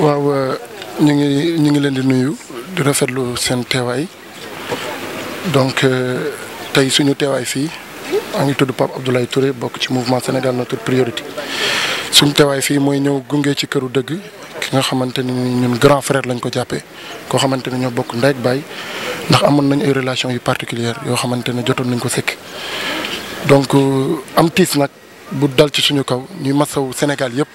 waaw euh, ñu ngi ñu ngi leen di nuyu di rafetlu seen teewaay donc euh, tey suñu teewaay fii maa ngi tudd Pape Abdoulaye Touré bokk ci mouvement Sénégal notre priorité suñu teewaay fii mooy ñëw gunge ci këru dëgg ki nga xamante ni ñun grand frère lañ ko jàppee koo xamante ni ñoo bokk ndey ak baay ndax amoon nañ ay relation yu particulière yoo xamante ne jotoon nañ ko sekk donc euh, am tiis nag bu dal ci suñu kaw ñuy masaw Sénégal yëpp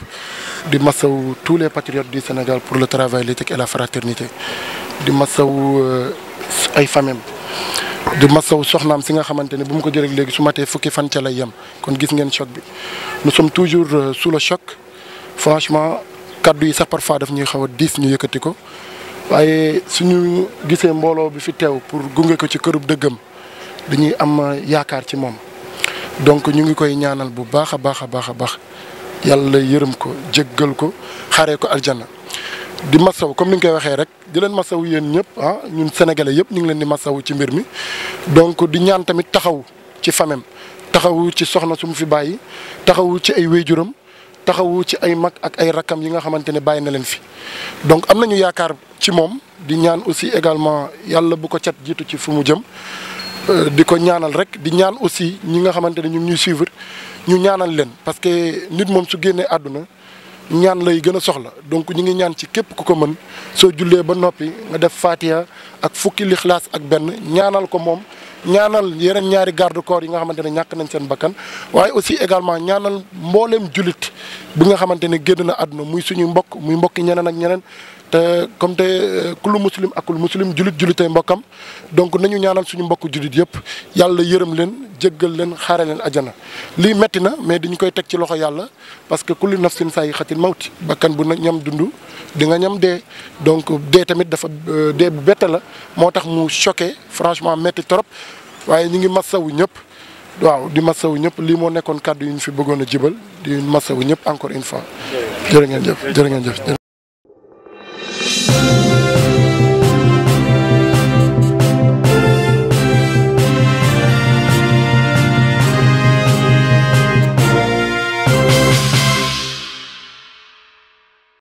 di masaw tous les patriotes di Sénégal pour le travail l'éthique et la fraternité di masaw euh, ay famem di masaw soxnaam si nga xamante ne bu mu ko jëlee léegi su matee fukki fan ca lay yem kon gis ngeen choc bi nous sommes toujours euh, kàddu yi sax parfois daf ñuy xaw a diis ñu yëkkati ko waaye ñu gisee mbooloo bi fi teew pour gunge ko ci kërub dëggam dañuy am yaakaar ci moom donc ñu ngi koy ñaanal bu baax a baax a baax a baax yàlla yërëm ko jéggal ko xaaree ko aljana di masaw comme ni nga koy waxee rek di leen masaw yéen ñëpp ah ñun sénégalais yëpp ñu ngi leen di masaw ci mbir mi donc di ñaan tamit taxaw ci famem taxawu ci soxna su mu fi bàyyi taxawu ci ay wéyjuram taxawu ci ay mag ak ay rakkam yi nga xamante ne bàyyi na leen fi donc am nañu yaakaar ci moom di ñaan aussi également yàlla bu ko cat jiitu ci fu mu jëm euh, di ko ñaanal rek di ñaan aussi ñi nga xamante ne ñu ñuy suivre ñu ñaanal leen parce que nit moom su génnee àdduna ñaan lay gën a soxla donc ñu ngi ñaan ci képp ku ko mën soo jullee ba noppi nga def faatiya ak fukki lixlaas ak benn ñaanal ko moom ñaanal yereen ñaari garde yi nga xamante ne ñàkk nañ seen bakkan waaye aussi également ñaanal mbooleem julit bu nga xamante ne génn na àdduna muy suñu mbokk muy mbokki ñeneen ak ñeneen te comme te euh, kullu muslim ak kullu muslim jullit julitee mbokkam donc nañu ñaanal suñu mbokku julit yëpp yàlla yërëm leen jëggal leen xaare leen ajana lii metti na mais dañu koy teg ci loxo yàlla parce que kullu nafsin saa yi xatil mawti bakkan bu na ñam dundu di nga ñam dee donc dee tamit dafa euh, dee bu bette la moo tax mu choqué franchement metti trop waaye ñu ngi massawu ñëpp waaw di masawu ñëpp lii moo nekkoon kàddu yu ñu fi bëggoon a jibal di masawu ñëpp encore une fois jërë ngeen jëf jërë